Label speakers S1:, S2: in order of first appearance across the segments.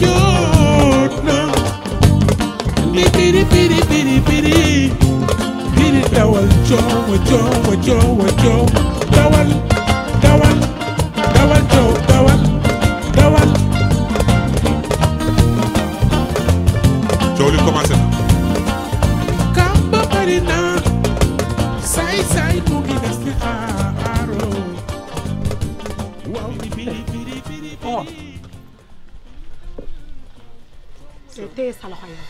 S1: jotna li biri biri biri
S2: te téye sa loxo yow.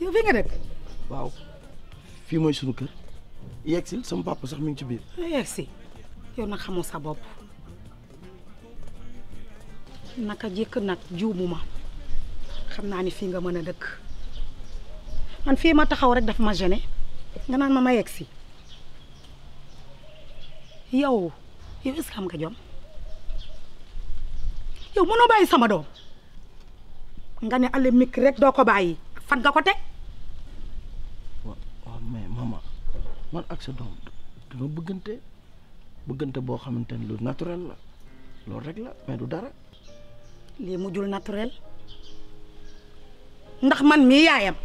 S2: yow fii nga dëkk.
S3: waaw fii mooy sunu kër. yegg si sama papa sax mi ngi ci biir.
S2: yegg si yow nag xamoo sa bopp naka jëkk nag juumuma xam naa ni fii nga mën a dëkk man fii ma taxaw rek dafa ma gêné nga naan ma ma yegg si yow yow est-ce nga jom. yow mënoo bàyyi sama doom nga ne ale mik rek doo ko bàyyi fan nga ko teg.
S3: waaw mais man ak sa doom dama bëggante bëggante boo xamante ni lu naturel la loolu rek la mais du dara.
S2: lii mujjul naturel ndax man mii yaayam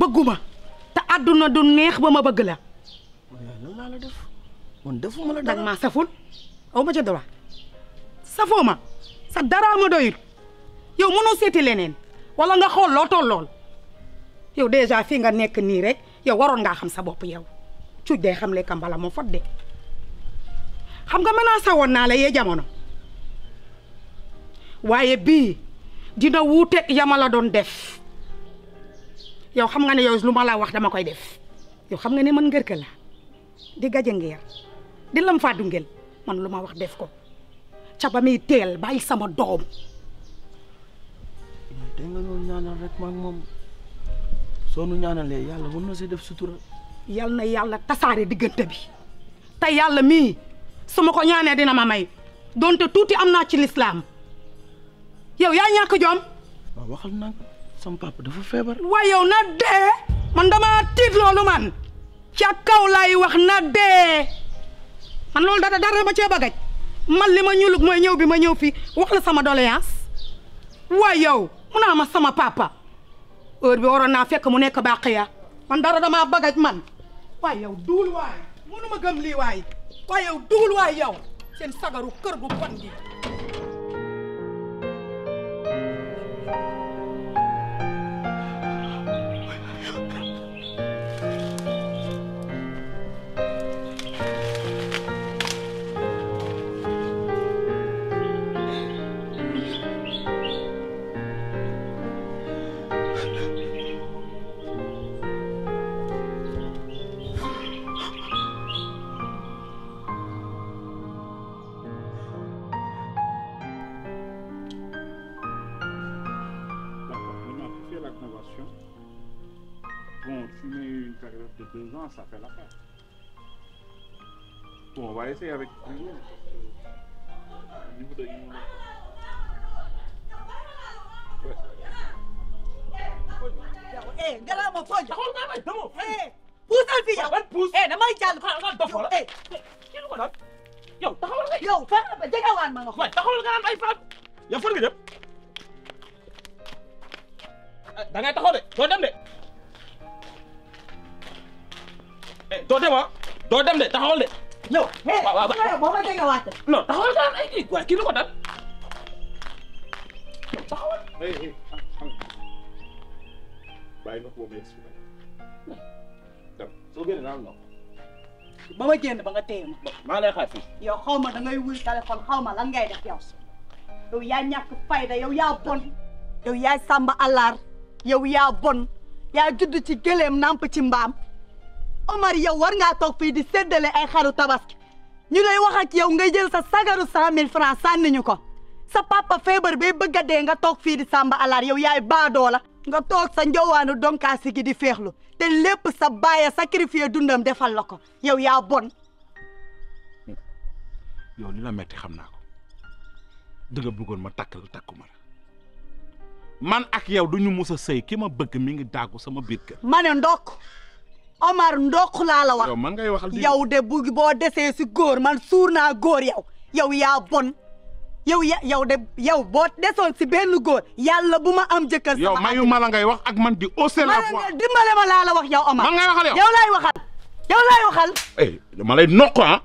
S2: bëgguma te àdduna du neex ba ma bëgg la. loolu naa la def man defuma saful aw ma ca droit safoo ma. sa dara ma doyul yow mënoo seeti leneen wala nga xool loo tollool yow déjà fii nga nekk nii rek yow waroon ngaa xam sa bopp yow cuuj day xam le kambala moo fot de xam nga menacé woon naa la yee jamono waaye bii dina wuuteeg yama la doon def yow xam nga ne yow lu ma la wax dama koy def yow xam nga ne man ngërka la di gaje ngeer di lam man lu wax def ko càcc mi muy teel sama ya, doom.
S3: da nga doon ñaanal rek ma ak moom soo nu ñaanalee mën
S2: na see def sutura. yal na yàlla tasaare diggante bi ta yàlla mi, su ma ko ñaanee dina ma may donte tuuti am naa ci lislaam yow yaa ñàkk jom.
S3: waaw waxal na sama papa dafa feebar.
S2: waaye yow na dee man dama tiit loolu man ca kaw laay wax na dee man loolu dara dara ma cee bagaj man li ma ñuulug mooy ñëw bi ma ñëw fii wax sama doléance waay yow mu naa ma sama papa heure bi waroon naa fekk mu nekk bàqiya man dara damaa bagaj man waay yow duul waay mënu ma gëm lii waay waay yow duul waay yow seen sagaru kër gu bon gi
S1: ça fait l'affaire. Bon, on va essayer avec Google. Au niveau de Google. Ouais. Eh, gara mo foja. Ko na ba dumo. Eh, pusan fiya. Wan pus. Eh, na mai jal ko ngon to fola. Eh. Kilo ko na. Yo, tahol ka. Yo, fa ba jaga wan mga ko. Tahol ka na mai fa.
S3: Ya fur ka dem. Da ngay taxaw de. Do dem de. doo dem ah doo dem de taxawal de ñëw. waaw waaw mais boo ma déggee waat. non taxawal daal ay kii waaye kii lu ko dal taxawal. bàyyi ma ko boobu soo génnee naan la ba ma génn ba nga téye ma. maa lay xaar fii.
S1: yow xaw ma da ngay wuy téléphone xaw ma lan ngay def yow. yow yaa ñàkk fayda yow yaa bon. yow yaa sàmba àllar. yow yaa bon. yaa judd ci gëléem nàmp ci mbaam. Omar yow war ngaa toog fii di séddale ay xaru tabaski ñu lay wax ak yow nga jël sa sagaru cent mille francs sànni ñu ko sa papa feebar bay bëgg a dee nga toog fii di sàmba alaar yow yaay baadoo la nga toog sa njowaanu donkaasi gi di féexlu te lépp sa baaya sacrifier dundam defal la ko yow yaa bon
S3: yow li la metti xam naa ko dëgg bëggoon ma takk la takku ma la man ak yow duñu mos a sëy ki ma bëgg mi ngi daagu sama biir kër
S1: ma ne ndokk Omar ndokk laa la wax. yow man ngay waxal yow de bu boo desee si góor man suur naa góor yow yow yaa bon. yow ya yow de yow boo desoon si benn góor yàlla bu ma am jëkkër sama yow mayu ma la ngay wax ak man di hausser la voix dimbale ma laa la wax yow Omar man ngay waxal yow yow laay waxal yow laay waxal eh dama lay nokk ah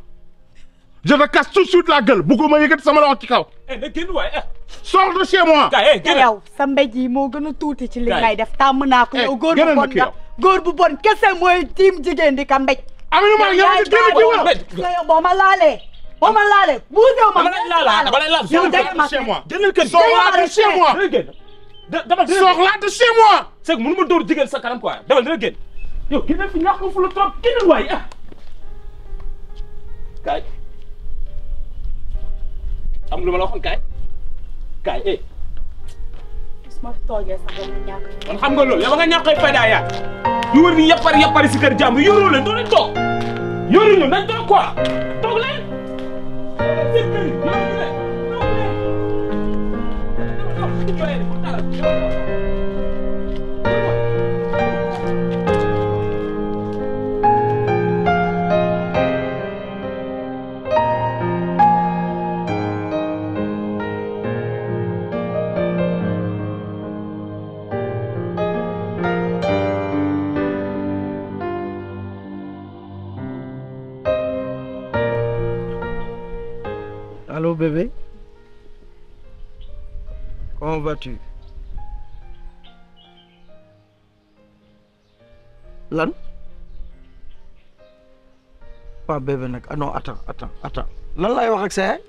S1: je te casse tout de suite la gueule bugguma yëkkati sama loxo ci kaw eh na génn waay eh. sors de chez moi eh, yow sa mbéj yi moo gën a tuuti ci li ngay def tàmm naa eh, góor góor bu bon kese mooy tiim jigéen di ka mbéj. Aminou Mbaye yow di tiim jiw la boo ma laalee. boo
S3: ma laalee buusew ma. yow dégg ma chez moi. jëndal kër soxlaa chez moi. dama dina soxlaa chez moi. c'est que mënu ma dóor jigéen sa kanam quoi dama dina génn. yow kii na fi ñàkk fu la trop kii na waay ah. kaay am lu ma la waxoon kaay kaay eh.
S1: ma toogee sax dama ñàkk.
S3: kon xam nga loolu yow nga ñàkk a fayda yaa ñu wër ni yàppari yàppari si kër jàmbur yoroo leen doo leen toog yoruñu nañ toog quoi toog leen. yoruñu leen yoruñu leen toog leen. vas lan pas bébé nag ah non attends attends attends lan laay wax ak sa yaay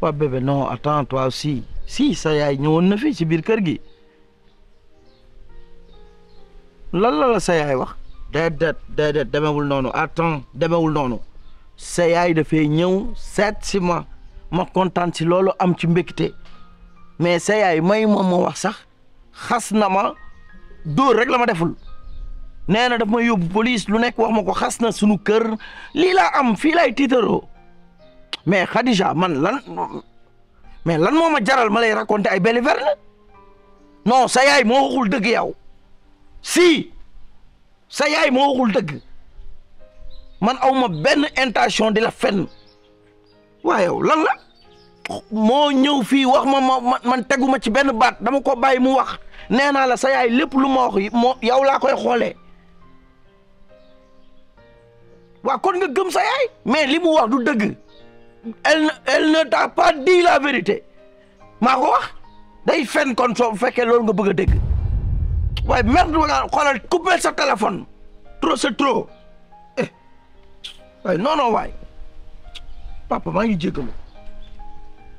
S3: pas bébé non attends toi aussi si sa ñëwoon na fii ci biir kër gi lan la la sa yaay wax déedéet déedéet demewul noonu attends demewul noonu sa yaay ñëw seet si ma ma kontaan si loolu am ci mbégte mais sa ay may moom ma wax sax xas na ma dóor rek la ma deful nee na daf ma yóbbu police lu nekk wax ma ko xas na sunu kër lii laa am fii laay tiitaroo mais Khadija man lan mais lan moo ma jaral ma lay raconter ay belle verne non sa yaay moo waxul dëgg yow si sa yaay moo waxul dëgg man awma benn intention di la fenn waaye yow lan la mo ñew fi wax ma ma man teguma ci benn baat dama ko bàyyi mu wax neena la sa yaay lepp lu ma wax yow la koy xolé wa kon nga gëm sa yaay mais limu wax du deug elle elle ne t'a pas dit la vérité ma ko wax day fenn kon so fekke lool nga bëgg deug way merde wala xolal couper sa téléphone trop c'est trop eh waaye non non way papa ma ngi jéggalu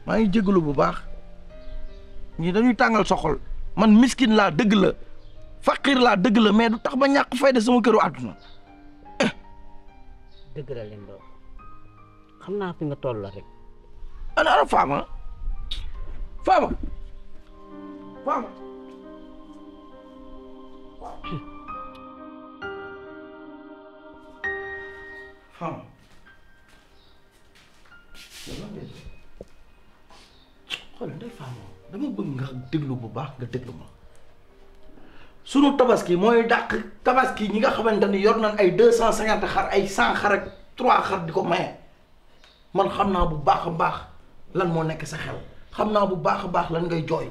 S3: maa ngi jégalu bu baax ñii dañuy tàngal soxol man miskin laa dëgg la faqir laa dëgg la mais du tax ba ñàkk fayda sama këru àdduna dëgg la leen xam naa fi nga toll la rek ana ana faama faama faama faama xoolal Ndeye famo, dama bëgg nga déglu bu baax nga déglu ma sunu tabaski mooy dàq tabaski ñi nga xamante ni yor nañ ay deux cent cinquante xar ay cent xar ak trois xar di maye ya. man xam bu baax baax lan mona nekk sa xel xam bu baax baax lan ngay joy.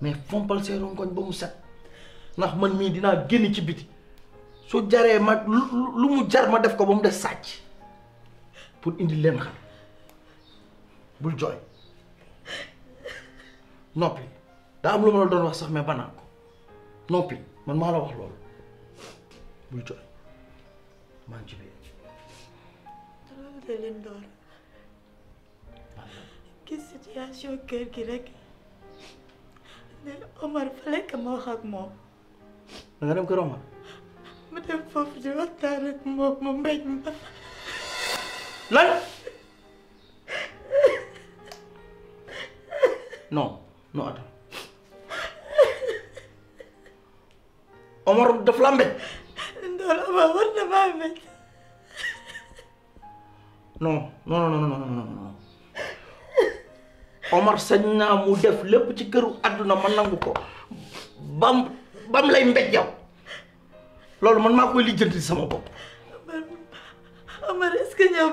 S3: mais fompal say rongoñ ba mu set ndax man mi dinaa génn ci biti su ma lu mu jar ma def ko ba mu def sàcc pour indi leen xar bul joy. noppi daa am lu ma la doon wax sax mais banaa ko noppi man maa la wax loolu bul jooy maa ngi ci biir.
S1: leen door gis situation kër gi rek ne Omar fale ka ma wax ak moom.
S3: da nga dem kër Omar.
S1: ma dem foofu di waxtaan ak moom mu mbéj ma. lan
S3: non. no ata Omar daf la mbéj.
S1: Ndola Omar war na maa mbéj.
S3: non non non non non Omar sañ naa mu def lépp ci këru àdduna ma nangu ko bam bam lay mbéj yow loolu man maa koy lijjanti sama bopp. Omar est-ce que ñoo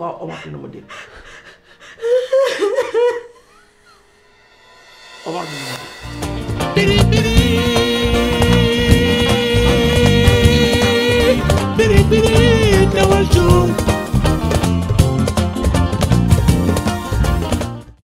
S3: fois Omar dina ma dégg
S1: Omar